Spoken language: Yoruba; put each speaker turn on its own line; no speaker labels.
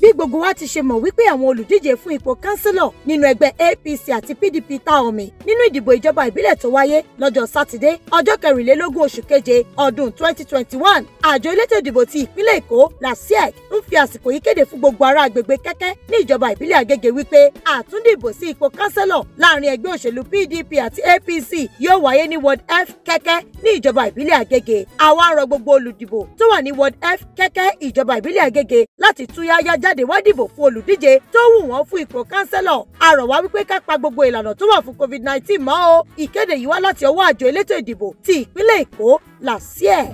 bí gbogbo wa ti ṣe mọ̀ wípé àwọn olùdíje fún ipò kánsílọ̀ nínú ẹgbẹ́ APC àti PDP ta omi nínú ìdìbò ìjọba ìbílẹ̀ tó wáyé lọ́jọ́ sátidé ọjọ́ kẹrìnlélógún oṣù keje ọdún 2021 àjọ elétò ìdìbò ti ìpínlẹ̀ Èkó LASEC ń fi àsìkò yìí kéde fún gbogbo ará agbègbè kẹ́kẹ́ ní ìjọba ìbílẹ̀ Agége wípé àtúndìbò sí ipò kánsílọ̀ láàrin ẹgbẹ́ òṣèlú PDP àti APC yóò wáyé ní ward F kẹ́kẹ́ ní ìjọba ìbílẹ̀ agege. àwa rọ gbogbo olùdìbò tó wà ní ward F kẹ́kẹ́ ìjọba ìbílẹ̀ Agége láti túyáyá jáde jáde wá dìbò fún olùdíje tó wù wọ́n fún ipò kánsẹ́lọ̀ a rọ̀ wá wípé ká pa gbogbo ìlànà tó wà fún covid-19 mọ́ o ìkéde yìí wá láti ọwọ́ àjọ elétò ìdìbò ti ìpínlẹ̀ Èkó làásìẹ̀.